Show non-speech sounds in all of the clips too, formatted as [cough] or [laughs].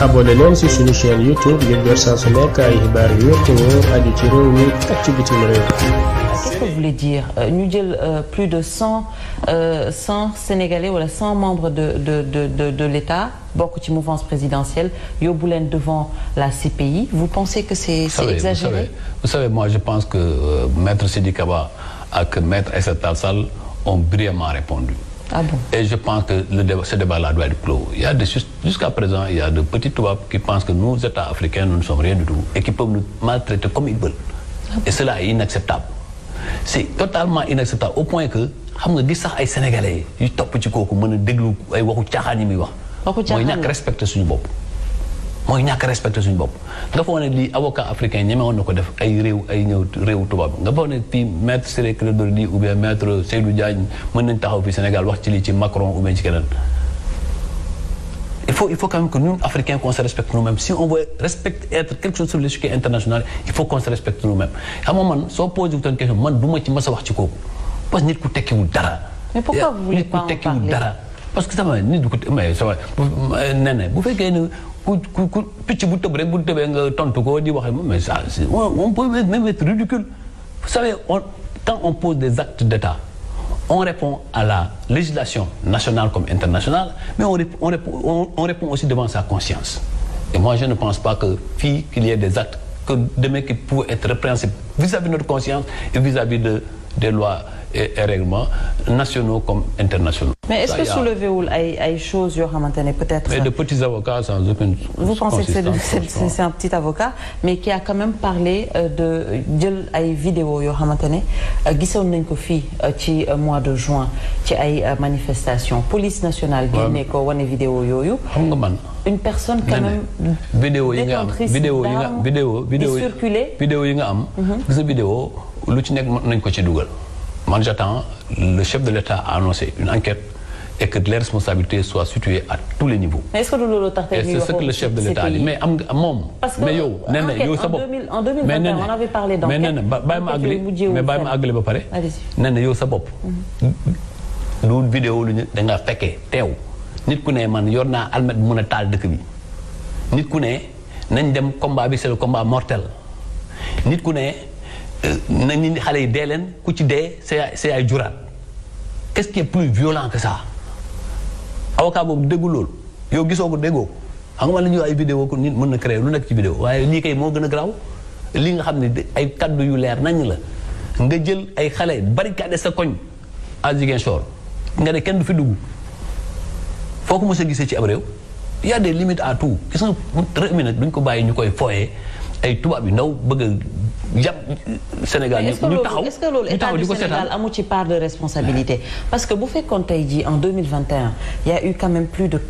abonné leen ci suñu chaîne YouTube ngir jot saa su nekk ay xibaar yu wér te wóor aju ci réew mi ak ci bitim réew. Qu'est-ce que vous voulez dire euh, ñu jël euh, plus de cent euh, cent Sénégalais wala cent membres de de de de de l'État bokk ci mouvance présidentielle yóbbu leen devant la CPI vous pensez que c'est c'est exagéré vous savez, vous savez moi je pense que euh, maître Sidiki Kaba ak maître Aïssata Tall Sall ont brillamment répondu Ah bon? Et je pense que le débat, ce débat-là doit a jusqu'à présent, il y a de petits Touabs qui pensent que nous, États africains, nous ne sommes rien du tout et qui peuvent nous maltraiter comme ils ah Et cela est inacceptable. C'est totalement inacceptable au point que xam nga gis sax ay sénégalais yu topp ci kooku mën a déglu ay waxu caaxaan yi muy wax. waxu caaxaan mooy ñàkk respecté suñu bopp. mooy ñàkk respecté suñu bopp nga foog ne lii avocat africain ñeme woon na ko def ay réew ay ñëw réew tubaab nga foog ne fii maître Ciré Clédor Ly ou bien maître Seydou Diagne mën nañ taxaw fi Sénégal wax ci lii ci Macron ou bien ci keneen il faut il faut quand même que nous africains qu'on se respecte nous-mêmes si on veut respecter être quelque chose sur l'échiquier international il faut qu'on se respecte nous-mêmes xam nga man soo posé wu doon question man du ma ci mas a wax ci kooku parce que nit ku tekkiwul dara. mais pourquoi vous voulez pas en parler nit ku tekkiwul dara parce que sama nit ku mais sama nee na bu fekkee ne. ku ku ku picc bu tëb rek bu nga tontu ko di waxee moom mais ça on peut même être ridicule vous savez on quand on pose des actes d'État on répond à la législation nationale comme internationale mais on on on, on répond aussi devant sa conscience et moi je ne pense pas que fii qu'il y ait des actes que demain qui pouvaient être répréhensibles vis-à-vis de notre conscience et vis-à-vis de des lois et règlements nationaux comme mais est-ce que soulever wul ay ay choses yoo xamante ne peut-être. de petits avocats sans aucune. Euh, vous pensez que c'est un petit avocat mais qui a quand même parlé euh, de jël ay vidéo yoo xamante ne euh, gisoon nañ ko fii ci mois de juin ci ay manifestation police nationale. génne ko wane vidéo yooyu. xam nga man. une personne quand même. vidéo yi nga am vidéo yi nga vidéo yi nga am. Mhm. gis vidéo lu ci nekk nañ ko ci dugal. man j'attends le chef de l'État a annoncé une enquête et que les responsabilités soient situées à tous les niveaux. mais est-ce que le chef de l'État a dit mais am moom. parce que mais yow nee na yow sa bopp en mais nee na bàyyi ma àggale mais bàyyi ma àggale ba pare. nee yow sa bopp. lu vidéo lu ñu da nga fekkee teew. nit ku ne man yor naa almet bu mën a taal dëkk bi nit ku ne nañ dem combat bi c'est le combat mortel nit ku ne. Euh, ñi ni xale yi dee leen ku ci dee c'est ay juraat qu'est-ce qui est plus violent que ça avocat boobu déggu loolu yow gisoo ko déggoo ko xam nga man la ñuy ay vidéo ko nit mën na créer lu nekk ci vidéo waaye lii moo gën a garaaw lii nga xam ne ay kaddu yu leer nañ la nga jël ay xale bari barricade sa koñ à Ziguinchor nga ne kenn du fi dugg foo ko mos a gisee ci ab réew y a à tout gis nga réew mi nag duñ ko bàyyi ñu koy fooyee ay tubaab yu ndaw bëgg a jàpp Sénégal ñu taxaw est-ce que loolu état du Sénégal amu ci part de responsabilité parce que bu fekkoon tey jii en 2021 il y a eu quand même plus de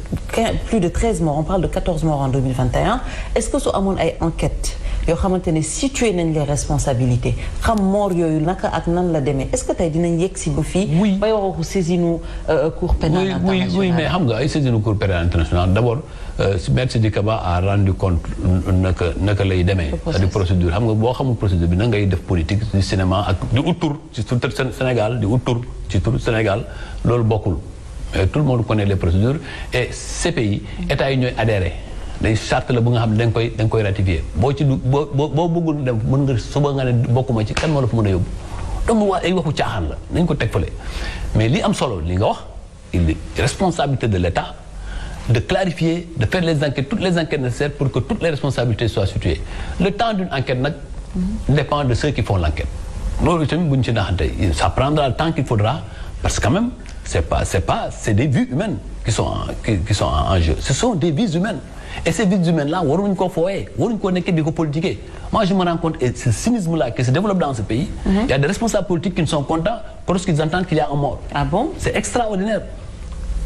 plus de 13 morts on parle de 14 morts en 2021 est-ce que su amoon ay enquêtes yoo xamante ne situé nañ les responsabilités xam moor yooyu naka ak nan la demee est-ce que tey dinañ yegg si ba fii. oui bay wax waxu saisinu euh, cour pénale internationale oui oui mais xam nga ay saisinu cour pénale internationale d'abord euh, maître Sidikaba a rendu compte naka naka lay demee. c'est-à-dire procédure xam nga boo xamul procédure bi na ngay def politique du cinéma ak di uttur ci tur Sénégal di uttur ci tur Sénégal loolu bokkul mais tout le monde connaît les procédures et CPI mm. état yi ñooy adhéré. day charte la bu nga xam ne da koy da koy ratifié boo ci boo boo bëggul dem mën nga suba nga ne bokkuma ci kan moo la fa mën a yóbbu donc waa ay waxu caaxaan la nañ ko teg fële mais li am solo lii nga wax il est responsabilité de l' état de clarifier de faire les enquêtes toutes les enquêtes nécessaires pour que toutes les responsabilités soient situées le temps d'une enquête nag dépend de ceux qui font l' enquête loolu tamit bu ñu ci naxante ça prendra le temps qu'il faudra parce que c'est pas c'est pas c'est des vies humaines qui sont en, qui, qui sont en jeu ce sont des vies humaines et ces vies humaines là waruñu koo fooyee waruñu koo nekkee di ko politiquer moi je me rends compte et ce cynisme là qui se développe dans ce pays mhm. il mm -hmm. y a des responsables politiques qui ne sont contents parce qu'ils entendent qu'il y a un mort ah bon c'est extraordinaire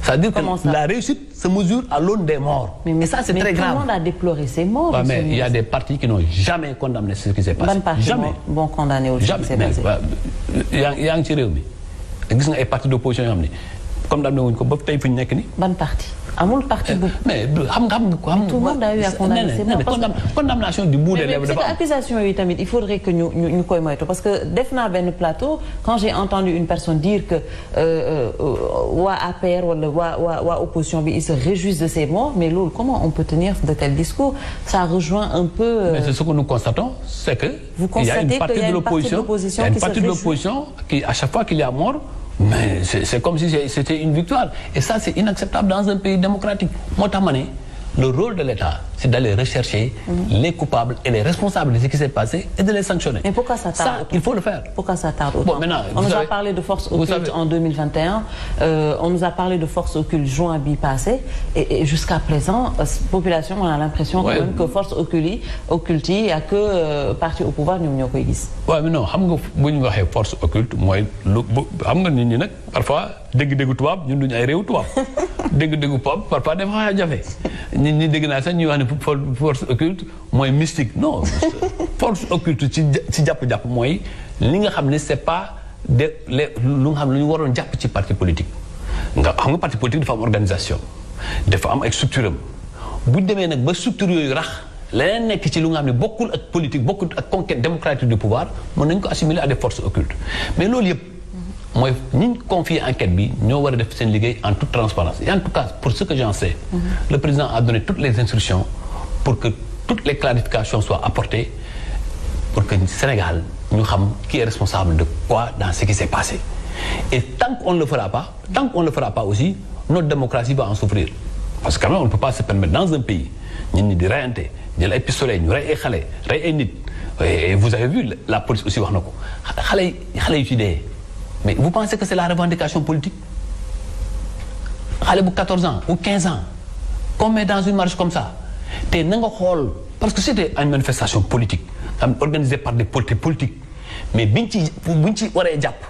c'est-à-dire Comment que ça? la réussite se mesure à l'aune des morts mais, mais, et ça c'est très grave tout le monde a déploré ces morts ouais, mais il y a des partis qui n'ont jamais condamné ce qui s'est passé jamais bon condamné aujourd'hui c'est passé yaa ngi ci réew mi gis nga ay parti d'opposition yoo xam ni comme daan na wuñ ko ba tey fu ñu nekk ni ban amul parti bu. mais xam nga xam nga. tout le monde a eu à condamner condamnation du bout des lèvres dafa am accusation yi tamit il faudrait que ñu ñu koy moytu parce que def naa benn plateau quand j'ai entendu une personne dire que euh, euh, waa APR wala waa waa waa opposition bi ils se réjouissent de ces morts mais loolu comment on peut tenir de tels discours ça rejoint un peu. Euh, mais c'est ce que nous constatons c'est que. vous constatez qu'il y a une partie de l'opposition qui se réjouit. il y a une partie de l'opposition qui à chaque fois qu'il y a mort. mais c'est comme si c'était une victoire et ça c'est inacceptable dans un pays démocratique moo tax ma ne le rôle de l'État, c'est d'aller rechercher mmh. les coupables et les responsables de ce qui s'est passé et de les sanctionner. Mais pourquoi ça tarde ça, Il faut le faire. Pourquoi ça tarde autant bon, maintenant, On nous savez, a parlé de force occulte en 2021, euh, on nous a parlé de force occulte juin bi passé, et, et jusqu'à présent, euh, population, on a l'impression ouais. que force occulte, occulte il n'y a que euh, parti au pouvoir, nous n'y Oui, mais non, force occulte, moi, parfois, dégg-déggu tubaab ñun duñu ay réew tubaab [laughs] dégg-déggu tubaab parfois dafa xaw a jafe ñi ñi dégg naa sax ñuy wax ne force occulte mooy mystique non [laughs] force occulte ci ci jàpp-jàpp mooy li nga xam ne c'est pas de lu nga xam ne lu ñu waroon jàpp ci parti politique nga xam nga parti politique dafa am organisation dafa am ay structure am bu demee nag ba structure yooyu rax leneen nekk ci lu nga xam ne bokkul ak politique bokkul ak conquet démocratique du pouvoir mën nañ ko assimiler à des forces mais loolu yëpp mooy ñi ñu confier enquête bi ñoo war a def seen liggéey en toute transparence et en tout cas pour ce que j'en sais mhm. le président a donné toutes les instructions pour que toutes les clarifications soient apportées pour que Sénégal ñu xam qui est responsable de quoi dans ce qui s'est passé et qu'on ne le fera pas aussi notre démocratie va en souffrir parce que quand même on ne peut pas se permettre dans un pays ñit ñi di reyante jël ay pistolet ñu et vous na ko xale xale yu ci dee mais vous pensez que c'est la revendication politique xale bu 14 ans ou 15 ans qu'on met dans une marche comme ça te na nga xool parce que c'était une manifestation politique am organisée par de portées politique mais biñ ci buñ ci waree jàpp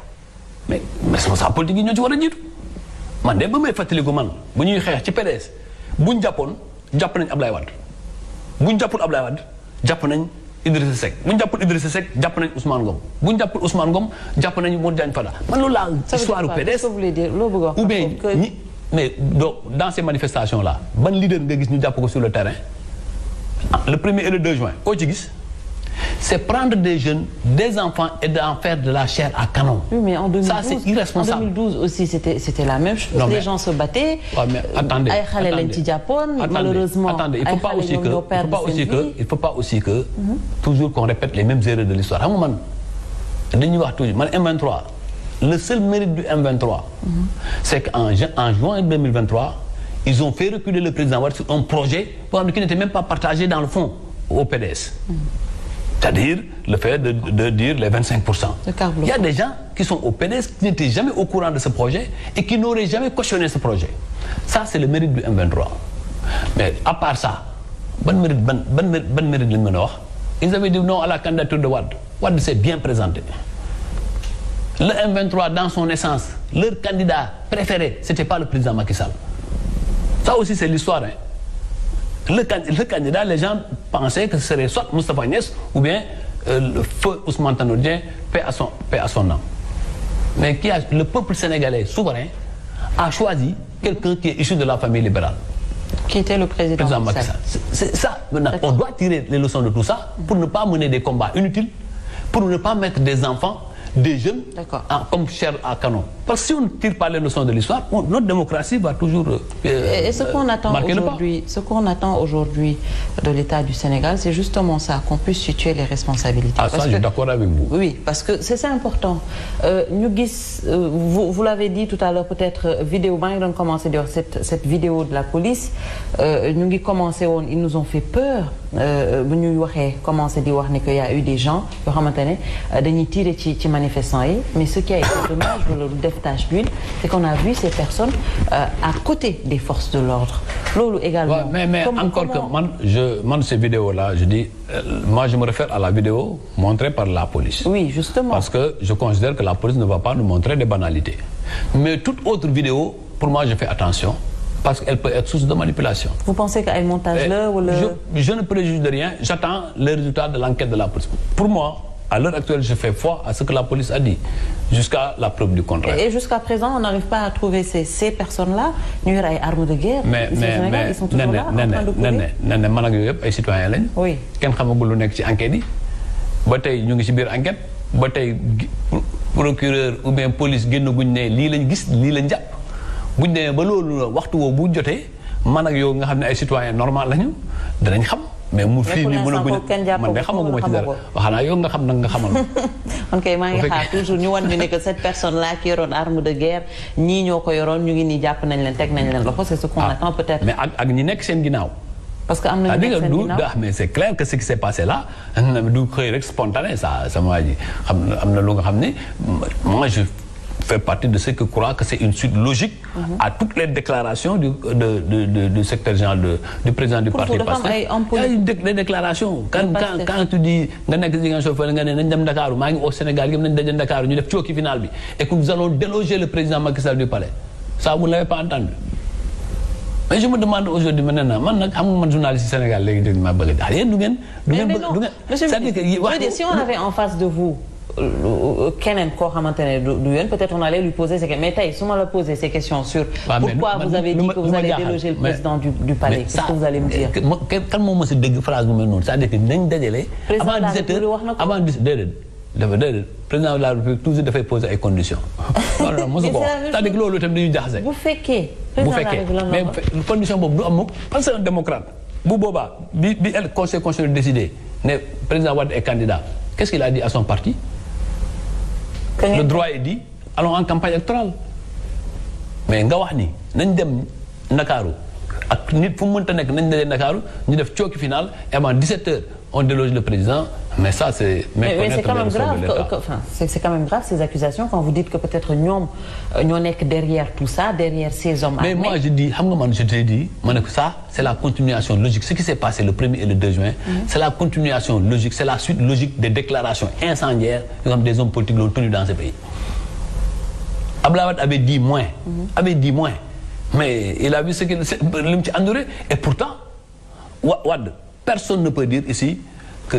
mais responsable politique yi ñoo ci war a jiitu man de ba may fàttaliku man bu ñuy xeex ci PDS buñ jàppoon jàpp nañ Ablaye Wade jàppul jàppoon Ablaye Wade jàpp nañ. Idrissa Seck bu ñu jàppul Idrissa Seck jàpp nañ Ousmane Ngom bu ñu jàppul Ousmane Ngom jàpp nañu Modou Diagne Fada man loolu laa histoire PDS ou bien ñi mais donc dans ces manifestations là ban leader nga gis ñu jàpp ko sur le terrain ah, le premier et le deux juin koo ci gis c'est prendre des jeunes, des enfants et d'en faire de la chair à canon. Oui, mais en 2012, ça, c'est irresponsable. En 2012 aussi, c'était, c'était la même chose. Non, gens se battaient. Ouais, mais malheureusement. il faut, pas aussi, que, mhm. toujours qu'on répète les mêmes erreurs de l'histoire. À un moment, M23, le seul mérite du M23, mhm. c'est qu'en juin ils ont fait reculer le président Ouattara sur un qui n'était même pas partagé dans le fond au PDS. Mhm. C'est-à-dire le fait de, de, dire et qui n'auraient jamais cautionné ce projet. Ça, c'est le mérite du M23. Mais à part ça, bon mérite, bon, bon mérite, bon à la candidature de Wad. Wad s'est bien Le M23, dans son essence, leur candidat préféré, ce n'était pas le président Macky Sall. Ça le, le, candidat, les gens pensaient que ce serait soit Moustapha Niès ou bien euh, le feu Ousmane Tanoudien, à, son, paix son nom. Mais qui a, le peuple sénégalais souverain a choisi quelqu'un qui est issu de la famille libérale. Qui était le président, président Macky C'est ça. Maintenant, on doit tirer les leçons de tout ça pour ne pas mener des combats inutiles, pour ne pas mettre des enfants des jeunes en, comme chair à canon. Parce que si on ne tire pas les leçons de l'histoire, notre démocratie va toujours euh, et, ce qu'on euh, attend aujourd'hui, Ce qu'on attend aujourd'hui de l'État du Sénégal, c'est justement ça, qu'on puisse situer les responsabilités. Ah, parce ça, que, je suis d'accord avec vous. Oui, parce que c'est important. Euh, Nugis, euh, vous, vous l'avez dit tout à l'heure, peut-être, euh, vidéo, ben, ils ont commencé cette, cette vidéo de la police. Euh, Nugis commençait, on, ils nous ont fait peur. Euh, bu ñuy waxee commencé di wax ne que y a eu des gens yoo xamante ne euh, dañuy tirer ci ci manifestants yi mais ce qui a été dommage wala lu def tache d'huile c'est qu'on a vu ces personnes euh, à côté des forces de l'ordre loolu également ouais, mais, mais comme, encore comment... que man je man ces vidéos là je dis euh, moi je me réfère à la vidéo montrée par la police oui justement parce que je considère que la police ne va pas nous montrer des banalités mais toute autre vidéo pour moi je fais attention parce qu'elle peut être source de manipulation. Vous pensez qu'à un montage là ou le... je, je, ne préjuge de rien, j'attends le résultat de l'enquête de la police. Pour moi, à l'heure actuelle, je fais foi à ce que la police a dit, jusqu'à la preuve du contraire. Et, et jusqu'à présent, on n'arrive pas à trouver ces, ces personnes-là, nous avons armes de guerre, mais, mais, Sénégal, mais, ils sont toujours là, en train de courir. Mais, mais, mais, mais, citoyens lañ. Oui. Kenn xamagul lu nekk ci enquête yi. Ba tey ñu ngi ci biir enquête, ba tey procureur ou bien police génnaguñ ne lii lañ gis, lii lañ jàpp. buñ demee ba loolu la waxtu woowu bu jotee man ak yow nga xam ne ay citoyen normal lañu danañ xam. mais mu fii nii mën a guñ man de xamaguma ci nga xam nag nga xamal man [laughs] kay ngi xaar toujours ñu wan ñu ne que cette ngi nii jàpp nañ leen teg nañ leen loxo c'est ce qu'on ah. attend peut-être mais ak ñi nekk seen ginnaaw parce que am na ñu ah, nekk seen ginnaaw que ce qui s'est passé là [laughs] du xëy rek spontané ça na lu nga xam ne moi je fait partie de ceux qui croient que c'est une suite logique mhm. à toutes les déclarations du, de, de, de, du secteur général de, du président du parti Pastef il y a une des quand, tu dis nga nekk Ziguinchor fële nga ne nañ dem Dakar maa ngi bi et que nous allons déloger le président Macky du palais ça vous l'avez pas entendu mais je me demande aujourd'hui maintenant man nag journaliste Sénégal léegi dégg ma bëgg daal yéen du ngeen du ngeen du keneen koo xamante ne du yoon peut-être on allait lui poser ces questions mais tey su ma la poser ces questions sur. pourquoi vous avez dit que vous allez déloger le président du du palais. qu'est-ce que vous allez me dire. kan moo mës a dégg phrase bu mel noonu c'est-à-dire que nañ dajale. avant 17h avant 17 déedéet dafa déedéet président de la République toujours dafay poser ay conditions. non non mosu ko wax c'est-à-dire que loolu itam dañuy jaxase. bu fekkee président de la République mais condition boobu du am moom parce que c'est un démocrate bu boobaa bi bi conseil constitutionnel décidé ne président Wade est candidat qu'est-ce qu'il a dit à son parti. le droit est dit allons en campagne électorale mais nga wax ni nañ dem Ndakaaru ak nit fu mu mënta nekk nañ dalee Ndakaaru ñu def cooki final et avant 17 heures on déloge le président mais ça c'est méconnaître mais c'est quand même grave que enfin c'est quand même grave ces accusations quand vous dites que peut-être ñoom euh, ñoo nekk derrière tout ça derrière ces hommes mais moi je dis xam nga man je te dis ma ne ça c'est la continuation logique ce qui s'est passé le premier et le 2 juin mhm. c'est la continuation logique c'est la suite logique des déclarations incendiaires yoo xam des hommes politiques l'ont tenu dans ce pays Abdoulaye Wade avait dit moins mhm. avait dit moins mais il a vu ce que li mu ci enduré et pourtant Wade personne ne peut dire ici que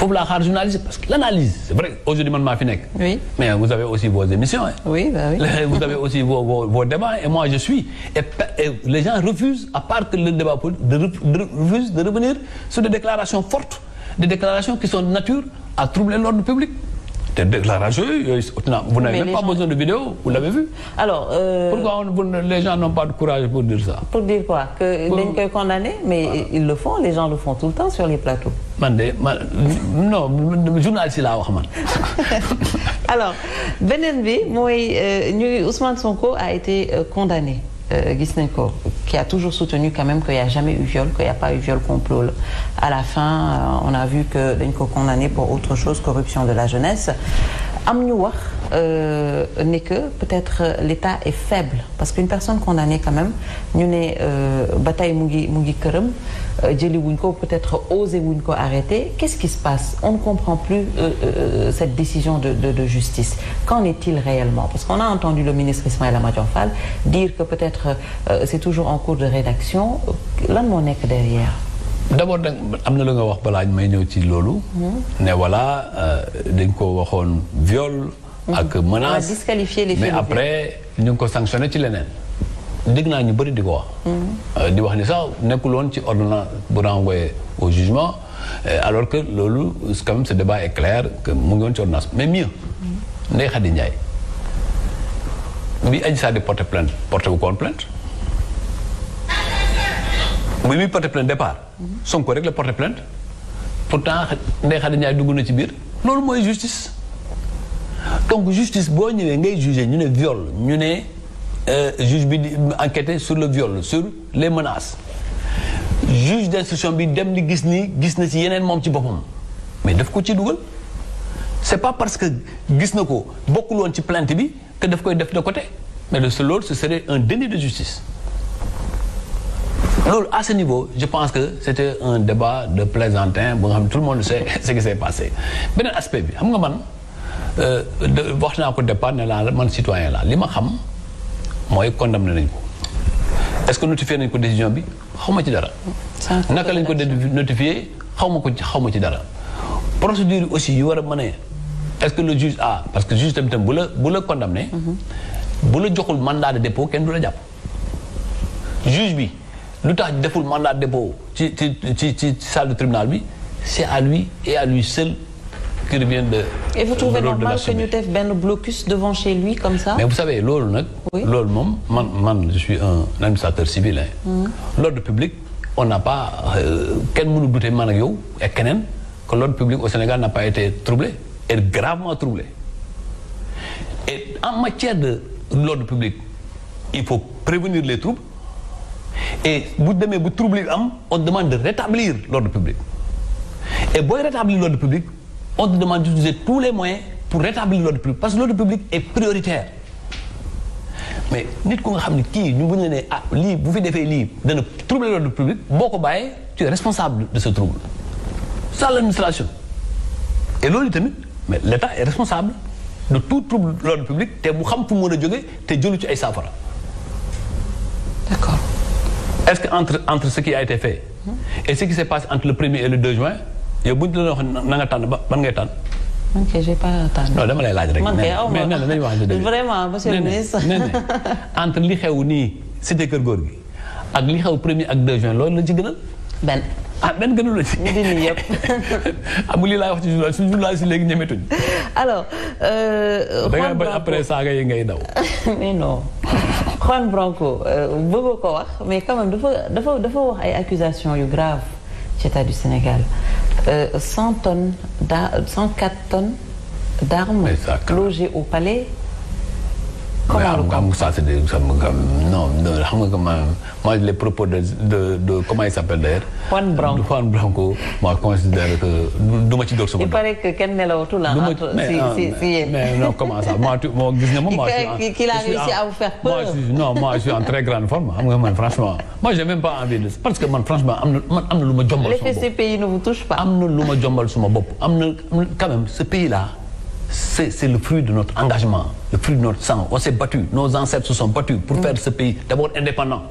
foofu laa xaar journaliste parce que l' analyse c' est vrai aujourd'hui man maa fi nekk. oui mais vous avez aussi vos émissions. Hein. oui bah oui [laughs] vous avez aussi vos, vos vos débats et moi je suis et, et les gens refusent à part que le débat politique de, de, refusent de revenir sur des déclarations fortes des déclarations qui sont de nature à troubler l'ordre public. des déclarations yooyu vous n'avez même pas gens... besoin de vidéo vous l'avez vu. alors euh... pourquoi on, vous, les gens n'ont pas de courage pour dire ça. pour dire quoi que dañ koy condamné mais voilà. ils le font les gens le font tout le temps sur les plateaux. man de man non journaliste laa wax man. [laughs] alors beneen bi mooy euh, ñu Ousmane Sonko a été euh, condamné euh, gis nañ ko. qui a toujours soutenu quand même qu'il n'y a jamais eu viol, qu'il n'y a pas eu viol complot. À la fin, euh, on a vu que dañ ko condamné pour autre chose, corruption de la jeunesse. am ñu wax euh, ne que peut-être euh, l'État est faible parce qu'une personne condamnée quand même ñu ne euh, ba tey mu ngi mu ngi këram jëli wuñ ko peut-être osé wuñ ko arrêter qu'est-ce qui se passe on ne comprend plus euh, cette décision de, de de justice qu'en est-il réellement parce qu'on a entendu le ministre Ismaïla Madior Fall dire que peut-être euh, c'est toujours en cours de rédaction lan moo nekk derrière d'abord da am na lu nga wax balaa ñu may ñëw ci loolu. ne voilà euh, dañ ko waxoon viol. ak mm-hmm. menace disqualifier les mais après ñu ngi ko sanctionné ci leneen. dëgg naa ñu bëri di ko wax. Mm-hmm. Euh, di wax ni sax nekku loon ci ordonnance bu renvoyé au jugement euh, alors que loolu quand même ce clair que mu ngi woon ci ordonnance mais mieux. Mm-hmm. Ndeye Khady Ndiaye bi Adji Sarr di porté plainte porté wu ko woon bu muy porté plainte départ. Sonko rek la porté plainte pourtant Ndeye Khady Ndiaye dugg na ci biir loolu mooy justice. donc justice boo ñëwee ngay jugé ñu ne viol ñu ne euh, juge bi di enquêté sur le viol sur les menaces juge d'instruction bi dem di gis ni gis na ci yeneen moom ci boppam mais daf ko ci dugal c'est pas parce que gis na ko bokkul woon ci plainte bi que daf koy def de côté mais de ce loolu ce serait un déni de justice loolu à ce niveau je pense que c'était un débat de plaisantin bu nga xam ne tout le monde sait [laughs] ce qui s'est passé beneen aspect bi xam nga man euh, wax naa ko départ ne laa man citoyen la li ma xam mooy condamné nañ ko est-ce que notifié nañ ko décision bi xaw ma ci dara naka lañ ko notifié xaw ma ko ci xaw ma ci dara procédure yi aussi yu war a mën est-ce que le juge a parce que juge tamit bu la bu la condamné mhm. bu la joxul mandat de dépôt kenn du la bi lu tax deful mandat dépôt ci ci ci ci salle de tribunal bi c'est à lui et à lui seul qu'il revient de. et vous trouvez benn blocus devant chez lui comme ça. mais vous savez loolu nag. loolu moom man man je suis un administrateur civil. Mm. l'ordre public on n'a pas euh, kenn mënu douter man ak yow ak keneen que l'ordre public au Sénégal n'a pas été troublé et gravement troublé et en matière de l'ordre public il faut prévenir les troubles. et bu demee bu trouble am on demande de rétablir l'ordre public et booy rétablir l'ordre public on te demande d'utiliser tous les moyens pour rétablir l'ordre public parce que l'ordre public est prioritaire mais nit ko nga xam ne kii ñu buñ la nee ah lii bu fi defee lii dana troubler l'ordre public boo ko bàyyee tu es responsable de ce trouble ça l'administration et loolu tamit mais l'État est responsable de tout trouble de l'ordre public te mu xam fu mu a jógee te jëlu ci ay saafara est-ce que entre entre ce qui a été fait et ce qui se passe entre le premier et le 2 juin yow buñ la wax na nga tànn ba ban ngay tànn. man kay j'ai pas tànn. non dama lay laaj rek. man kay aw ma vraiment monsieur le ministre. [laughs] entre li xew nii cité Kër Góor gi ak li xew premier ak 2 juin loolu la ci gënal. benn ah benn gënul la ci. ñu di nii yëpp. amu [laughs] ah, lii laay wax ci journal suñu journal si léegi ñemetuñ. alors. xool euh, da ngay bañ après saaga yi ngay daw. [laughs] mais non. Juan Branco euh, bëggoo ko wax mais quand dafa dafa dafa wax ay accusations yu graves ci Sénégal euh, cent tonnes cent quatre tonnes d'armes logées au palais mais am nga am nga ça c'est non non xam nga comment moi les propos de de de comment il s'appelle d'ailleurs. Juan Branco Juan Branco moi considère que du ma ci dóor sama. il paraît que kenn nelawatul ah. si si si yéen mais non comment ça moi tu moi gis nga moom. moi je qu'il a réussi à vous faire peur. moi je non moi je suis en très grande forme xam nga man franchement moi j'ai même pas envie de parce que man franchement am na man am na lu ma jombal. sama bopp l'effet ce pays ne vous touche pas. am na lu ma jombal sama bopp am na quand même ce pays là. c'est le fruit de notre engagement, le fruit de notre sang. On s'est battu, nos ancêtres se sont battus pour mm. faire ce pays d'abord indépendant.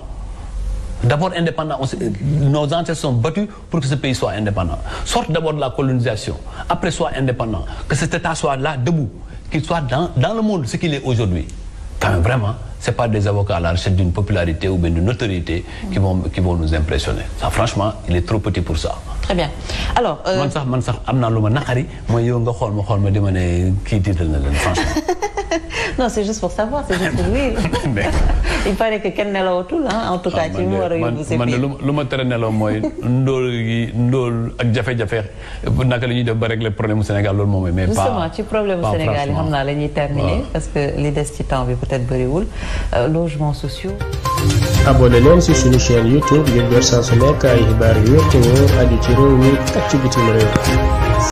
D'abord indépendant, on nos ancêtres se sont battus pour que ce pays soit indépendant. Sorte d'abord de la colonisation, après soit indépendant, que cet État soit là, debout, qu'il soit dans, dans le monde ce qu'il est aujourd'hui. Enfin, vraiment. c'est pas des avocats à la recherche d'une popularité ou bien d'une autorité qui vont qui vont nous impressionner ça franchement il est trop petit pour ça. très bien alors. Euh, man sax man sax am naa lu ma naqari mooy yow nga xool ma xool ma dama ne kii tiital na leen franchement. [laughs] non c'est juste pour savoir c'est juste pour rire. [laughs] il paraît que kenn nelawatul ah en tout ah, cas. ci mu war a yóbbu de lu ma tere nelaw mooy ndóol yi ak jafe-jafe naka la ñuy def ba régler problème mu Sénégal loolu moom mais. pas justement ci problème mu Sénégal yi xam naa la ñuy terminer. parce que li des ci temps bi peut-être bëriwul euh, logements sociaux. abonné leen si suñu chaîne YouTube ngir door saa su nekk ay xibaar yu wér te wóor aju ci réew mi ak ci bitim réew.